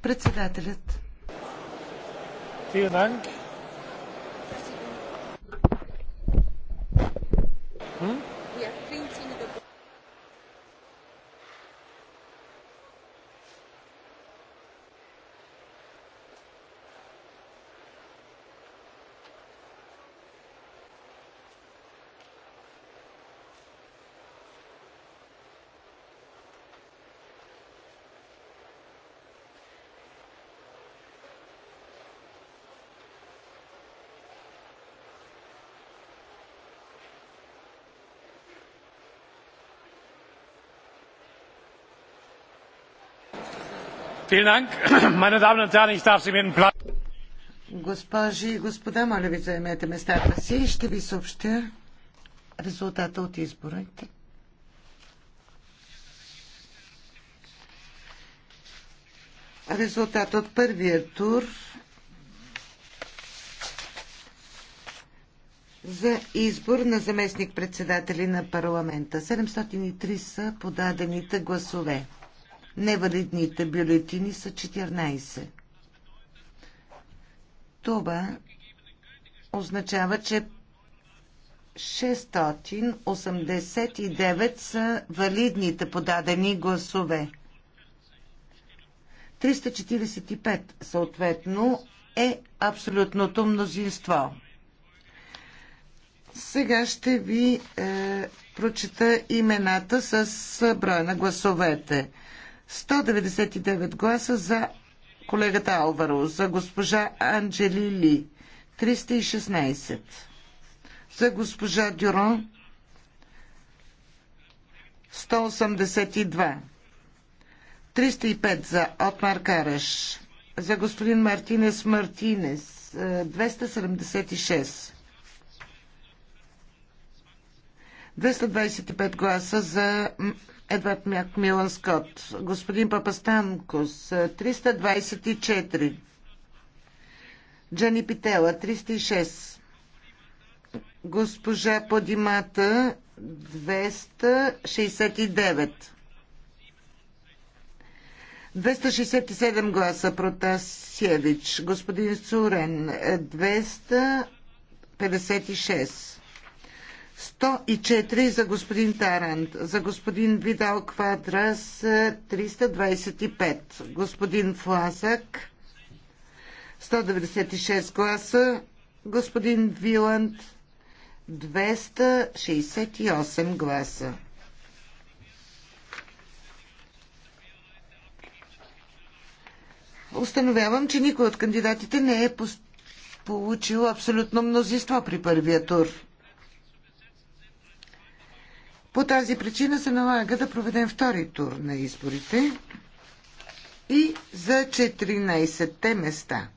Председателят. Госпожи и господа, моля ви заемете местата си и ще ви съобщя резултата от изборите. Резултат от първия тур за избор на заместник-председатели на парламента. 703 са подадените гласове. Невалидните бюлетини са 14. Това означава, че 689 са валидните подадени гласове. 345 съответно е абсолютното мнозинство. Сега ще ви е, прочета имената с броя на гласовете. 199 гласа за колегата Алваро, за госпожа Анджелили 316, за госпожа Дюрон 182, 305 за Отмар Караш, за господин Мартинес Мартинес 276. 225 гласа за Едвард Милан Скот, господин Папастанкос 324, Джани Питела 306, госпожа Подимата 269. 267 гласа Протасевич, господин Сурен 256. 104 за господин Тарант, за господин Видал Квадрас 325, е, господин Фласък 196 гласа, господин Виланд 268 гласа. Установявам, че никой от кандидатите не е получил абсолютно мнозинство при първия тур. По тази причина се налага да проведем втори тур на изборите и за 14-те места.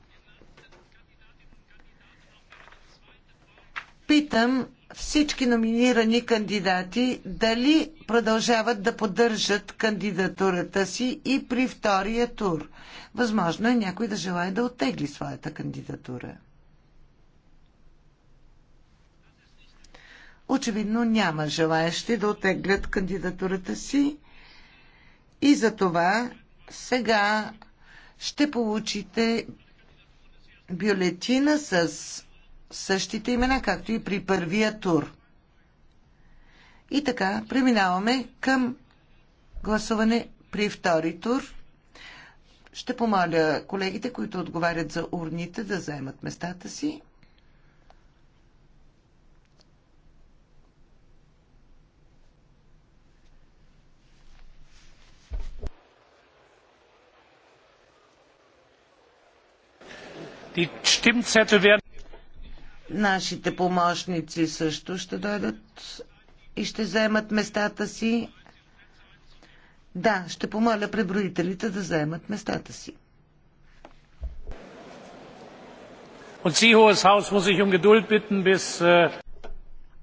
Питам всички номинирани кандидати дали продължават да поддържат кандидатурата си и при втория тур. Възможно е някой да желая да оттегли своята кандидатура. Очевидно няма желаящи да отеглят кандидатурата си и за това сега ще получите бюлетина с същите имена, както и при първия тур. И така, преминаваме към гласуване при втори тур. Ще помоля колегите, които отговарят за урните, да заемат местата си. Нашите помощници също ще дойдат и ще заемат местата си. Да, ще помоля преброителите да заемат местата си.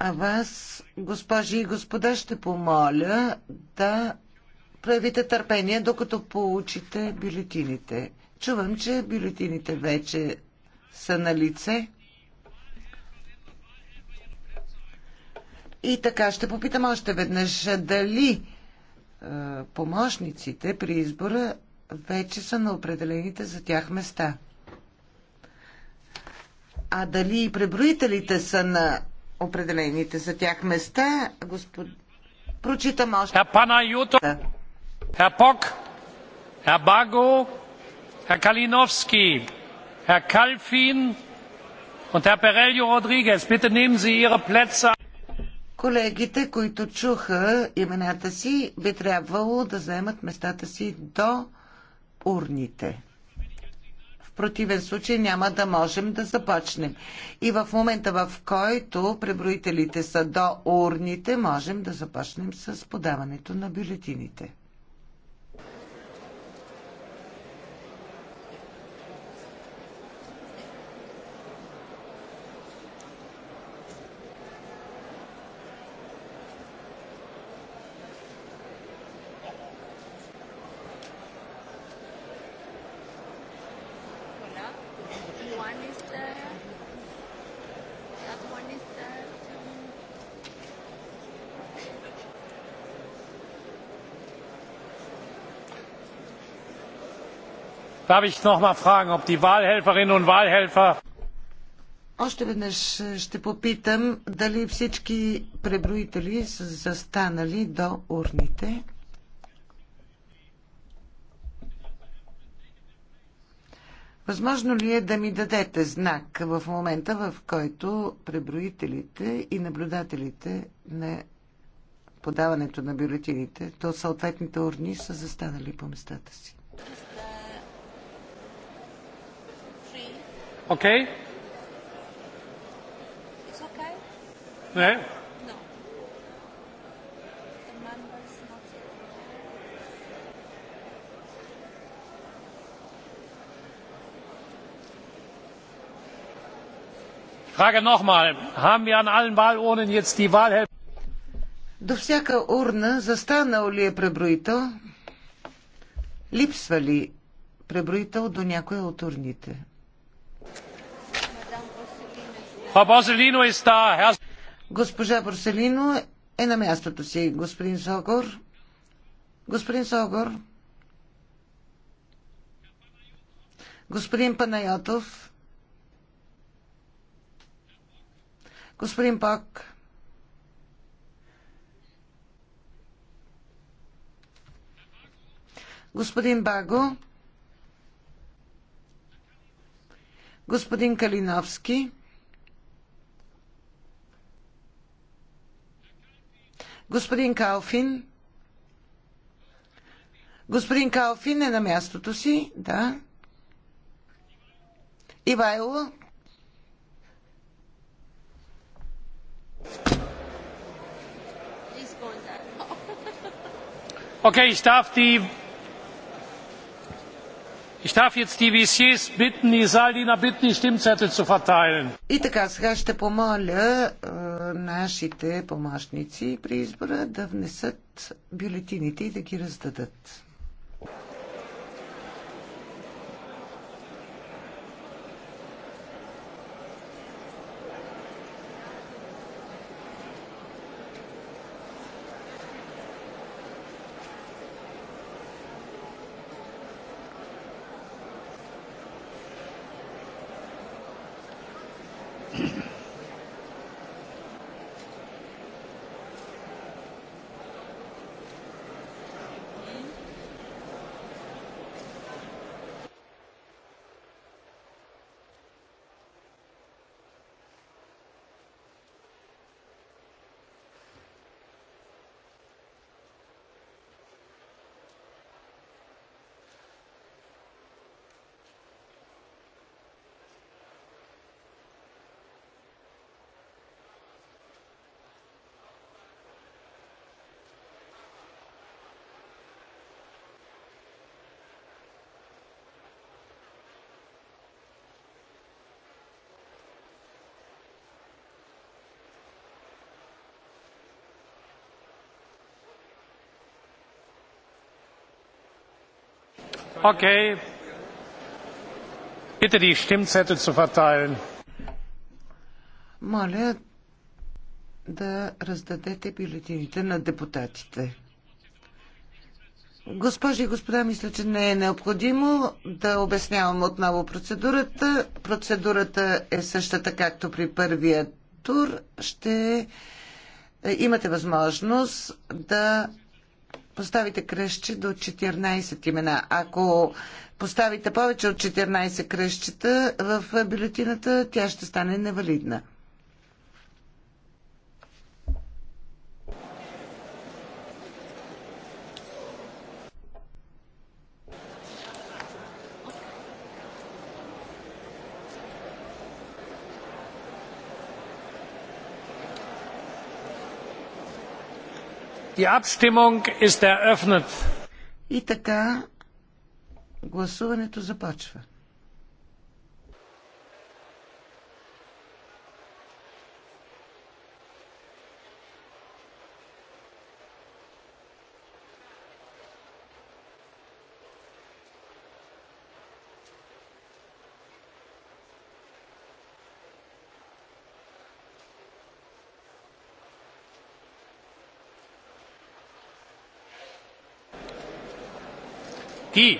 А вас, госпожи и господа, ще помоля да проявите търпение, докато получите бюлетините. Чувам, че бюлетините вече са на лице. И така, ще попитам още веднъж дали е, помощниците при избора вече са на определените за тях места. А дали и преброителите са на определените за тях места, господ... Прочитам още. Хапана Юто! Хапок, Хабаго! herr kalinowski herr kalfin und herr perello rodrigues bitte nehmen sie ihre plätze ein. Колегите, които чуха имената си, би трябвало да заемат местата си до урните. В противен случай няма да можем да започнем. И в момента, в който преброителите са до урните, можем да започнем с подаването на бюлетините. Darf ich noch mal fragen, ob die Wahlhelferinnen und Wahlhelfer още веднъж е, ще попитам дали всички преброители са застанали до урните. Възможно ли е да ми дадете знак в момента, в който преброителите и наблюдателите на подаването на бюлетините до съответните урни са застанали по местата си? Okay? It's okay? Yeah? No. The member not frage nochmal, haben wir an allen Wahlurnen jetzt die Wahlhelfer? До всяка урна застанал ли е преброител? Липсва ли преброител до някоя от урните? Госпожа Борселино е на мястото си. Господин Согор. Господин Согор. Господин Панайотов. Господин Пак. Господин Баго. Господин Калиновски. Господин Калфин. Господин Калфин е на мястото си, да. Ивайло. Okay, ich darf die ich darf jetzt die VCs bitten, die Saaldiener bitten, die Stimmzettel zu verteilen. И така, сега ще помоля нашите помощници при избора да внесат бюлетините и да ги раздадат. Okay. Bitte die Stimmzettel zu verteilen. Моля да раздадете бюлетините на депутатите. Госпожи и господа, мисля, че не е необходимо да обяснявам отново процедурата. Процедурата е същата, както при първия тур. Ще е, имате възможност да поставите кръщи до 14 имена. Ако поставите повече от 14 кръщчета в бюлетината, тя ще стане невалидна. Die Abstimmung ist eröffnet. И така, гласуването започва. qui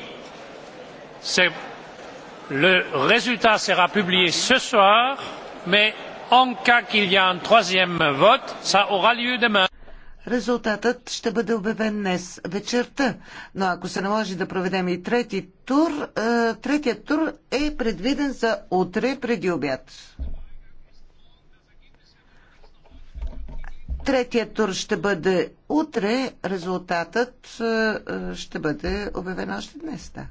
le résultat sera publié ce soir, mais en cas qu'il y a un troisième vote, ça aura lieu demain. Резултатът ще бъде обявен днес вечерта, но ако се наложи да проведем и трети тур, е, третият тур е предвиден за утре преди обяд. Третия тур ще бъде утре, резултатът е, е, ще бъде обявен още днес. Да.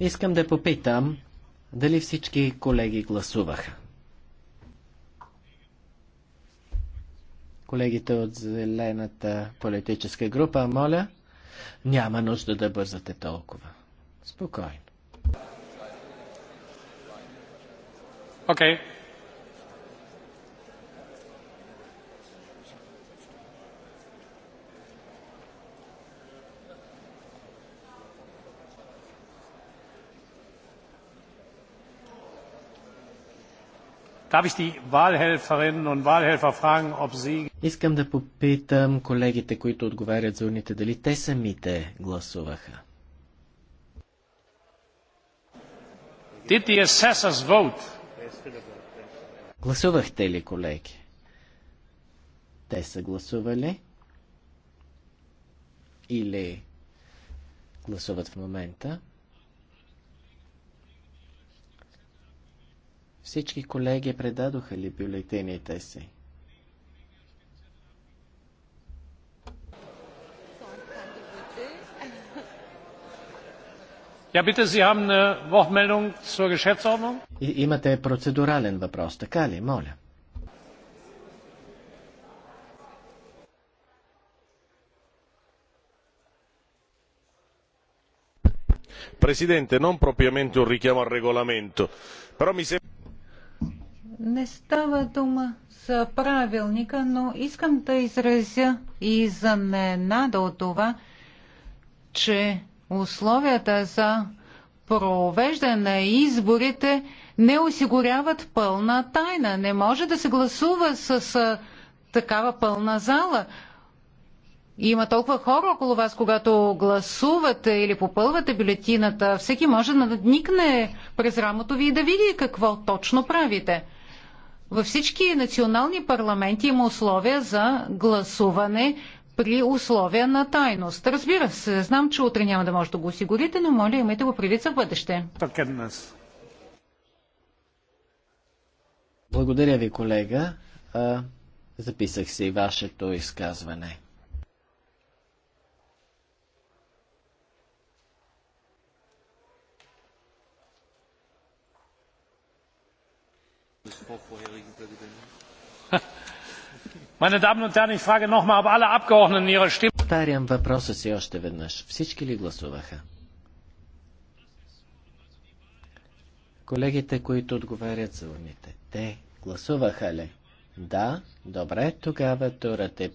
Искам да попитам дали всички колеги гласуваха. Колегите от Зелената политическа група, моля, няма нужда да бързате толкова. Спокойно. Okay. Искам да попитам колегите, които отговарят за урните, дали те самите гласуваха. Гласувахте ли, колеги? Те са гласували? Или гласуват в момента? Всички колеги предадоха ли бюлетините си? Ja, bitte, Sie haben eine Wortmeldung zur Geschäftsordnung? И, имате процедурален въпрос, така ли? Моля. Presidente, non propriamente un richiamo al regolamento, però mi sembra... Не става дума за правилника, но искам да изразя и заненада от това, че условията за провеждане на изборите не осигуряват пълна тайна. Не може да се гласува с такава пълна зала. Има толкова хора около вас, когато гласувате или попълвате бюлетината, всеки може да надникне през рамото ви и да види какво точно правите. Във всички национални парламенти има условия за гласуване при условия на тайност. Разбира се, знам, че утре няма да може да го осигурите, но моля, имайте го предвид за бъдеще. Благодаря ви, колега. Записах се и вашето изказване. Повтарям въпроса си още веднъж. Всички ли гласуваха? Колегите, които отговарят за умите, те гласуваха ли? Да, добре, тогава турът е